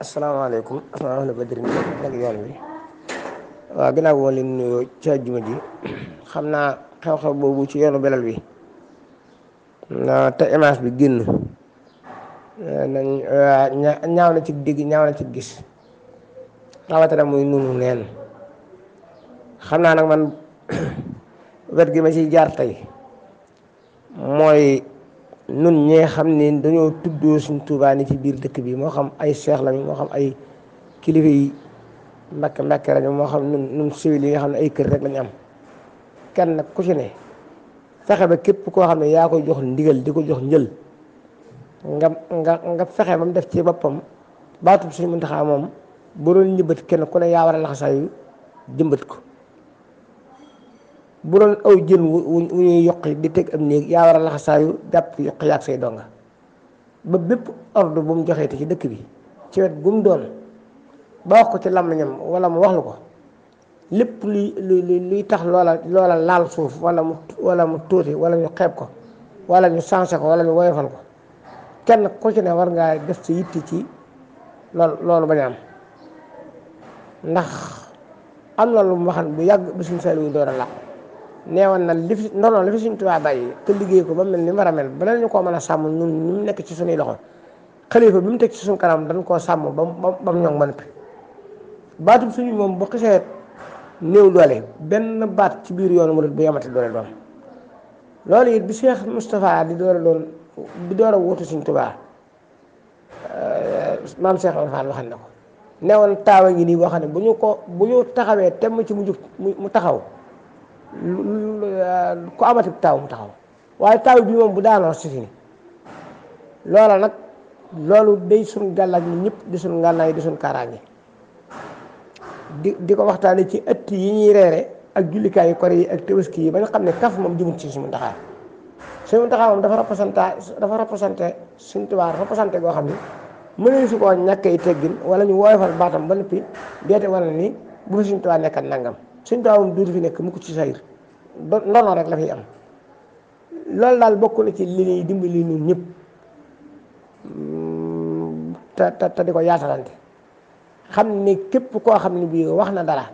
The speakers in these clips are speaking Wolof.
asalaamaaleykum maa wax la Badrine nag yoon bi waaw ginnaaw woon leen nuyoo ci àjjuma ji xam naa xew-xew boobu ci yoonu belal bi na te image bi génn eh, nañ eh, ñaaw na ci dégg ñaaw na ci gis rawatina muy nunu neen xam naa nag man wet gi ma ci jaar tey mooy nun ñee xam ne dañoo tuddoo suñ Tuubaa ci biir dëkk bi moo xam ay seex lañu moo xam ay kilifa yi mbàkk mbàkk moo xam nun nun civil yi nga xam ne ay kër rek lañu am kenn nag ku ci ne fexe ba képp koo xam ne yaa koy jox ndigal di ko jox njël nga nga nga fexe ba mu def ci boppam baatub suñu Muntaxaa moom bu doon njëmbat kenn ku ne yaa war a laxasaayu jëmbat ko bu doon aw jën wu ñuy yoqi di teg am néeg yaa war a laxasaayu jàpp yoqi yaag say donga ba bépp ordre bu mu joxee te ci dëkk bi ci wet gum doon ba wax ko ci làmmiñam wala mu wax lu ko lépp luy luy tax loola loola laal suuf wala mu wala mu tuuti wala ñu xeeb ko wala ñu changé ko wala ñu woyofal ko kenn ku ci ne war ngaa def sa yitti ci lool loolu bañ am ndax am na lu waxan bu yàgg bi suñu sali wu door a làqu neewoon na li fi ndono li fi suñ Tuubaa bàyyi te liggéey ko ba mel ni war a mel bala ñu koo mën a sàmm ñun ñu mu nekk ci suñuy loxo xalifa bi mu teg ci suñ kanam dañ koo sàmm ba mu ba mu ñoŋ ba noppi baatub suñu moom bu xisee néew doole benn baat ci biir yoonu murid bu yamati doole doon loolu it bi Cheikh Moustapha di door a doon di door a wuutu suñ euh, maam Cheikh Ibra Fall waxal na ko neewoon taawa ngi nii boo xam ne bu ñu ko bu ñu taxawee temm ci mu jug mu taxaw. Ah, ku amati taw bu taxaw waaye taw bi moom bu daanoo siti ni loola nag loolu day suñ gàllaaj ñi ñëpp di suñ ngànnaay di suñ kaaraange ko waxtaane ci ëtt yi ñuy reere ak jullikaay yu kor yi ak tabaski yi ba nga xam ne kaf moom jëmut ci suñu ndaxaar suñu ndaxaar moom dafa représenté dafa représenté suñ tubaab représenté goo xam ne mënuñu su koo ñàkkee teggin wala ñu woyofal baatam ba noppi deete wala ni bu fi suñ tubaab nekkat nangam suñ daawam duutu fi nekk mu ci sayir ba ndono rek la fiy am loolu daal bokk na ci li ñuy dimbali ñun ñëpp mm, te te te di ko yaatalante xam ni képp koo xam ne bii wax na dara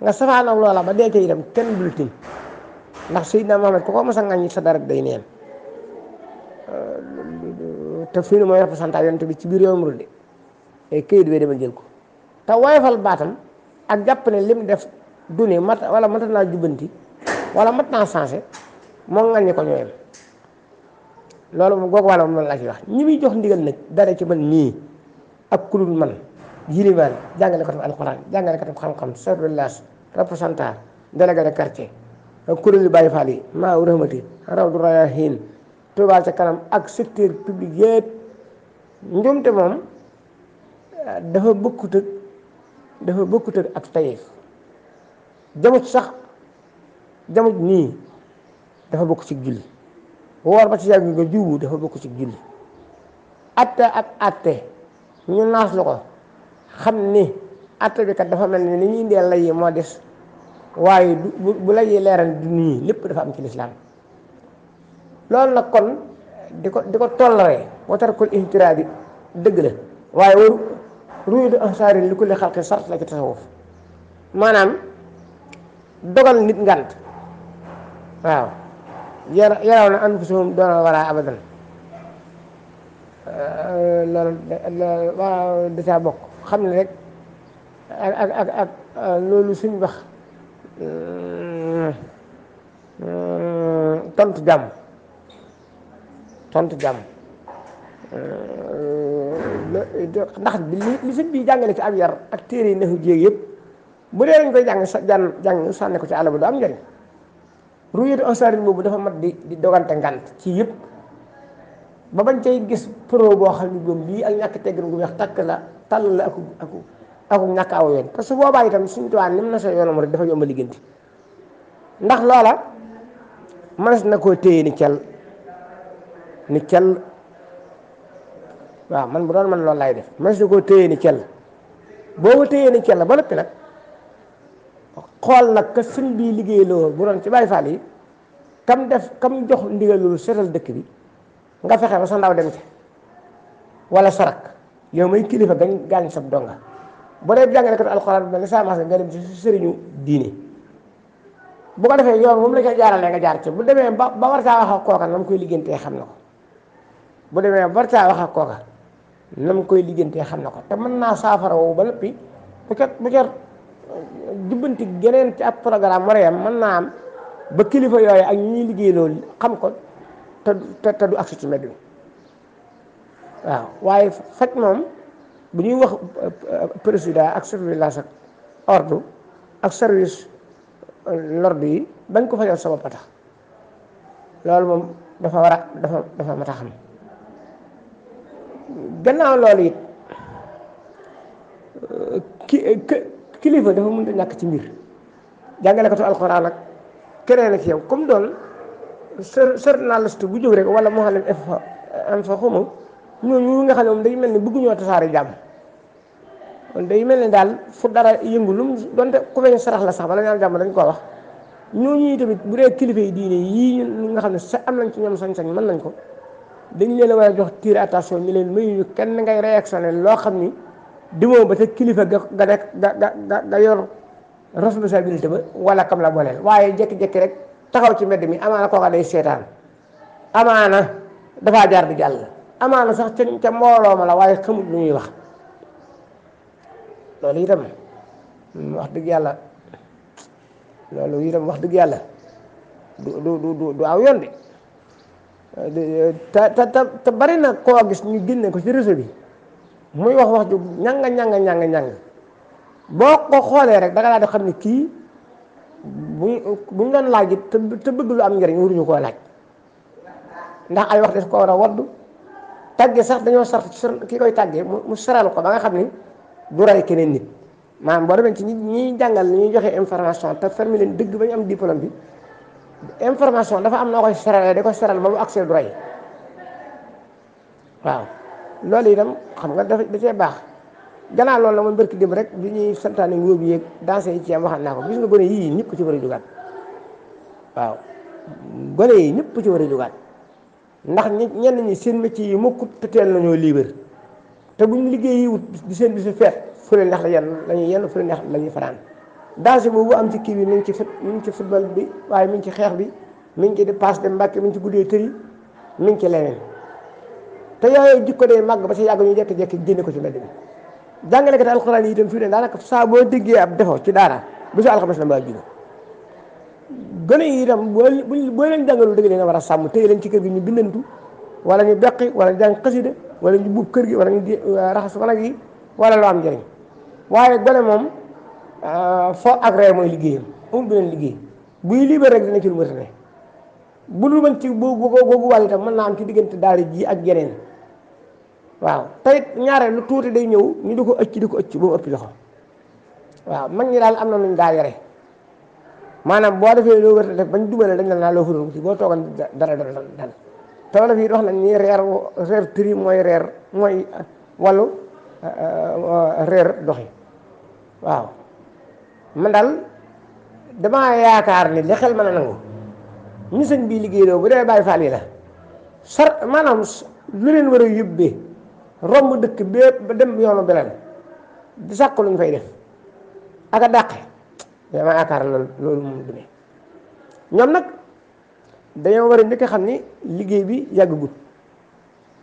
nga safaan ak loola ba dee ca itam kenn bul tiñ a ŋaññi day neen te fii nii mooy bi ci biir yoonu murid këyit bee demal jël ko te woyofal baatam ak jàpp ne lim def du ne mat wala mat naa jubbanti wala mat naa changé moom nga ne ko ñooyam loolu googu wàlla moom laa ci wax ñi muy jox ndigal nag dara ci man nii ak kulul man yilimaan jàngale ko tam alxuraan jàngale ko tam xam-xam chef de village représentant délégué de quartier ak kuréelu Baye Fall yi maa rahmati rawdu rayahin Touba ca kanam ak secteur public yëpp njuumte moom dafa bokkut dafa bokkut ak ak jamuj sax jamuj nii dafa bokk ci julli woor ba ci yàgg nga juubu dafa bokk ci julli atte ak atte ñu naas lu ko xam ni atte bi kat dafa mel ni ni ñuy indee lay yi moo des waaye bu bu lay yi leeral du nii lépp dafa am ci lislaam loolu nag kon di ko di ko boo watar kul ihtiraa bi dëgg la waaye waru ruudu ansaari li kulli xalqi sart la ci tasawuf maanaam dogal nit ngant waaw yaraw na anfusahum doona wala abadan euh, loolu bokk xam ne euh, loolu suñ wax euh, tontu jàmm tontu jàmm ndax li li sëñ bi jàngale ci ak yar ak téere yi neexu jéeg yëpp bu dee dañ koy jàng sa jàng jàng ko ci àll ba du am njëriñ ruyatu asaarin boobu dafa mat di di dogante ngant ci yëpp ba bañ cay gis pro boo xam ne moom lii ak ñàkk teggin gu weex takk la tàll la ak aku aku ñàkk aw yoon parce que boobaa itam suñu tuwaan ni mu na sa yoonam rek dafa yomba liggéenti ndax loola mënees na koo téye ni cel ni cel waaw man bu doon man loolu laay def mënees na koo téye ni cel boo ko téyee ni cel ba noppi nag xool nag ka sëñ bii liggéey loolu bu doon ci Baay Faal yi kam def kam jox ndigal loolu seetal dëkk bi nga fexe ba sa ndaw dem ci wala sa yow may kilifa gañ gaañ sab donga bu dee jàngalekat alxuraan bi mel nga dem ci sëriñu diine bu defee yoon moom la ko jaaralee nga jaar bu demee ba ba war saa kooka na mu koy liggéentee xam ne ko bu demee ba war saa koy liggéeyantee xam na ko te mën naa saafara ba noppi bu ca bu ca jubbanti geneen ci ab programme war a yam mën naa am ba kilifa yooyu ak ñi liggéey loolu xam ko te te du agsi ci mbedd mi waaw waaye faj moom bu ñuy wax euh, président ak surveillance ak ordre ak service euh, l'ordre yi bañ ko fajal sama patax loolu moom dafa war a dafa dafa mat a xam gannaaw loolu it euh, ki kilifa dafa mënut a ñàkk ci mbir jàngalekatu alxuraan ak keneen ak yow comme dool ser journaliste bu jóg rek wala moo ne am fa xuma ñooñu nga xam ne moom day mel ni bëgguñoo tasaare jàmm kon day mel ne daal fu dara yëngu lum donte ku feeñ sarax la sax bala ñaan jàmm dañ koo wax ñooñu tamit bu dee kilifa yi diine yii nga xam ne sa am nañ ci ñoom sañ-sañ mën nañ ko dañ leen a war jox tiir attention ñi leen mayu kenn kenn ngay réactionné loo xam ni dimoo ba sa kilifa ga ga ga ga ga yor responsabilité ba wala kam la booleel waaye jékki-jékki rek taxaw ci mbedd mi amaana kooka day seetaan amaana dafaa jaar di jàll amaana sax ca ca mbooloo ma la waaye xamut lu ñuy wax loolu itam wax dëgg yàlla loolu itam wax dëgg yàlla du du du de te te te bari na koo gis ñu génne ko ci réseau bi. muy wax wax ju ñanga ñanga ñanga boo ko xoolee rek da nga laa xam ni kii buñ buñ doon laaj it te bëgg lu am njëriñ waruñu koo laaj ndax ay wax des ko war a waddu tàgge sax dañoo sart kii koy tàggee mu saral ko ba nga xam ni du rey keneen nit maanaam boo demee ci ñi ñuy jàngal ni ñuy joxe information te fermi leen dëgg ba ñu am diplôme bi information dafa am noo koy saralee da koy seral ba mu accès du rey waaw loolu itam xam nga dafa da baax gannaaw loolu la mooy barki dem rek bi ñuy santaane ngóob yeeg danse yi ci am waxaat naa ko gis nga gone yii ñëpp ci war a jugaat waaw gone yi ci war a jugaat ndax ñenn ñi seen métier yi mukkut te teel nañoo liibar te buñ liggéey yi wut di seen bisu feet fu leen neex la yenn lañuy yenn fu leen neex la ñuy fanaan danse boobu am ci kii bi mi ngi ci fut mi ngi ci futbal bi waaye mi ngi ci xeex bi mi ngi ci di passe de mbàkke mi ngi ci guddee tëri mi ngi ci leneen te yooyu jikko day màgg ba si yàgg ñu jekki-jekki génne ko ci mbedd bi jàngalekat alxuraan yi itam fii ne daanaka saa boo déggee ab defo ci daara bu si alxames la mbaa jina gone yi itam boo boo leen jàngalul dëgg leen a war a sàmm tey leen ci kër gi ñu bindantu wala ñu beqi wala ñu jàng xasida wala ñu buub kër gi wala ñu raxas wanag yi wala loo am njëriñ waaye gone moom fo ak ree mooy liggéeyam liggéey buy libéré rek dina ci lu ne bu dul mën ci boobu boobu wàll mën naa am ci diggante daara ji ak yeneen waaw tayit ñaare lu tuuti day ñëw ñu di ko ëcc di ko ëcc ba mu ëpp loxo waaw mag ñi daal am na nuñ daa yare maanaam boo defee loo wërta bañ dumale dañ la naa loo xurul si boo toogoon dara dara dal toola fii wax nañ ni reer reer tri mooy reer mooy wàllu euh, reer doxi waaw man daal dama yaakaar ni li xel ma a nangu ñu sëñ bii liggéey loo bu dee bàyyi faal yi la sar maanaam lu leen war a romb dëkk bépp ba dem yoonu beneen di sàkk lu ñu fay def ak a dàqe dama yaakaar loolu loolu moom du ñoom nag dañoo war a njëkk xam ni liggéey bi yàggagul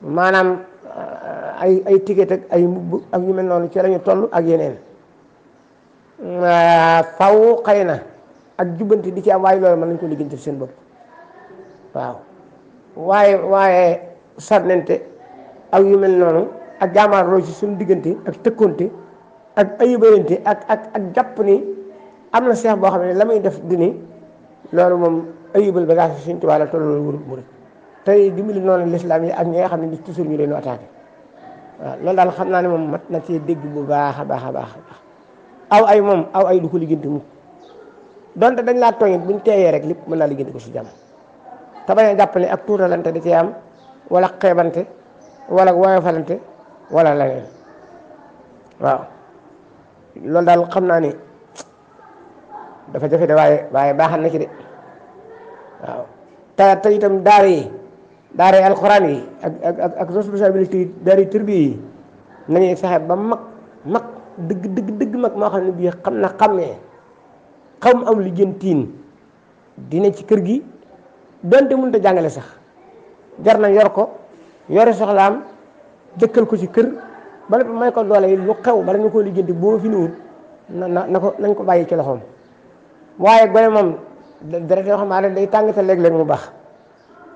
maanaam euh, ay ay ticket ak ay mbubb ak ñu mel noonu ci lañu toll ak yeneen euh, faw xëy na ak jubbanti di ci am waaye loolu ma nañ ko liggéeyante seen bopp waaw waaye waaye sànnante ak yu mel noonu ak jaamaarloo ci suñu diggante ak tëkkonte ak ayubalante ak ak ak jàpp ni am na seex boo xam ne la muy def dini loolu moom ayubal bagage suñ tubaab la tolloolu wuru mu rek dimbali noonu lislaam ak ñi xam ne ni toujours ñu leen attaqué waaw loolu daal xam naa ne moom mat na cee dégg bu baax baax a baax aw ay moom aw ay du ko liggéente donte dañ laa tooñit buñ teeyee rek lépp mën naa liggéente ko si jàmm te bañ a jàpp ne ak tuutalante da cee am wala xeebante wala waaye falante wala leneen waaw loolu daal xam naa ni dafa jafe de waaye waaye baaxal na ci de waaw te te itam daara yi daara yi alxuraan yi ak ak ak responsabilité yi daara yi yi nañuy fexe ba mag mag dëgg dëgg dëgg mag moo xam ne bii xam na xamee xam am li tiin dina ci kër gi donte mënut a jàngale sax jar na yor ko. yore soxlaam dëkkal ko ci kër bala may ko doole yi lu xew bala ñu ko di boo fi nuwul na na ko nañ ko bàyyi ci loxoom waaye gone moom deret yoo xam ne day tàng te léeg mu baax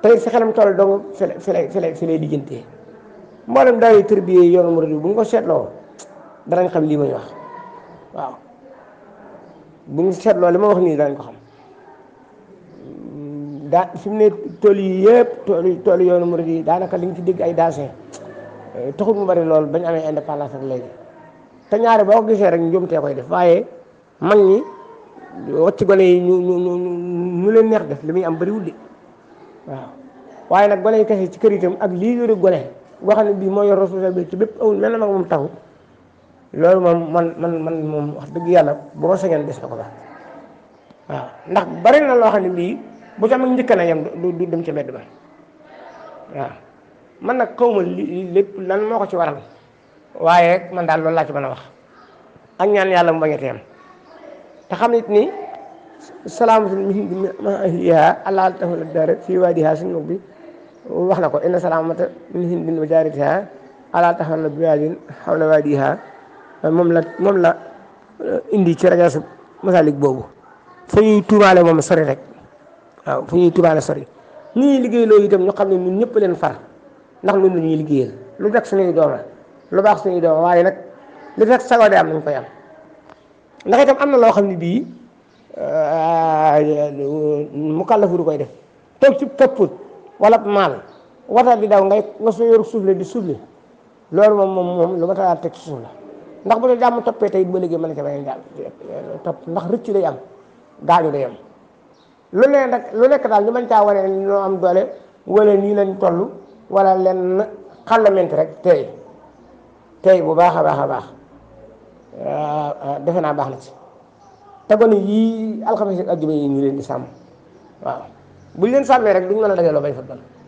tey si xelam toll dong fi lay fi lay fi lay liggéentee mboolem daawee tërbiye yi bu ñu ko seetloo danañ xam lii ma ñu wax waaw bu ñu li ma wax nii danañ ko xam daa fi ne tool yi yëpp tool yi tool yoonu murid yi daanaka li nga ci dégg ay dancin euh, taxul mu bari lool bañ amee indépendance ak léegi te ñaare boo ko gisee rek njuumtee koy def waaye mag ñi wacc gone yi ñu ñu ñu ñu leen neex def li muy am bariwul de waaw waaye nag gone yi kese ci kër yi tam ak lii yore gone goo xam ne bii moo yor responsabilité bépp awul mel na mag moom taxu loolu moom man man man moom wax dëgg yàlla bu ma sañoon des na bu ca mag njëkk na yem du dem ca mbedd ba man nag xaw ma lépp lan moo ko ci waral waaye man daal loolu laa ci mën a wax ak ñaan yàlla mu bañ a teem te xam ni salaamatul min ahlihaa allaa tafala daara fii waadihaa suñu mag bi wax na ko inna salaamata min hindin wa jaaratihaa allaa tafala bi waadin xawla waadihaa moom la moom uh, indi ci rajo Masalik boobu fa ñuy tuumaale moom sori rek waaw fu ñuy tubaale sori ñu ñuy liggéey loolu itam ñu xam ne ñun ñëpp leen far ndax loolu la ñuy liggéeyal lu nekk suñuy doom la lu baax suñuy doom waaye nag li fekk sagoo de am nañ koy am ndax itam am na loo xam ne bii euh, mu kàllafu du koy def toog ci topput wala maal wata di daw ngay nga soo yor suuf la di suuf la loolu moom moom moom lu ma taal teg ci suuf la ndax bu dee jàmm toppee tey ba léegi mën na ca bañ a topp ndax rëcc day am gaañu day am. lu leen lu nekk daal ñu mën caa wane ñoo am doole wala nii lañ toll wala lenn xàllament rek tey tey bu baax a baax a baax euh, euh, defe naa baax na ci te gone yii alxames ak àjjuma yi ñu leen di sàmm waaw buñ leen sàmmee rek duñ mën a dajaloo bañ football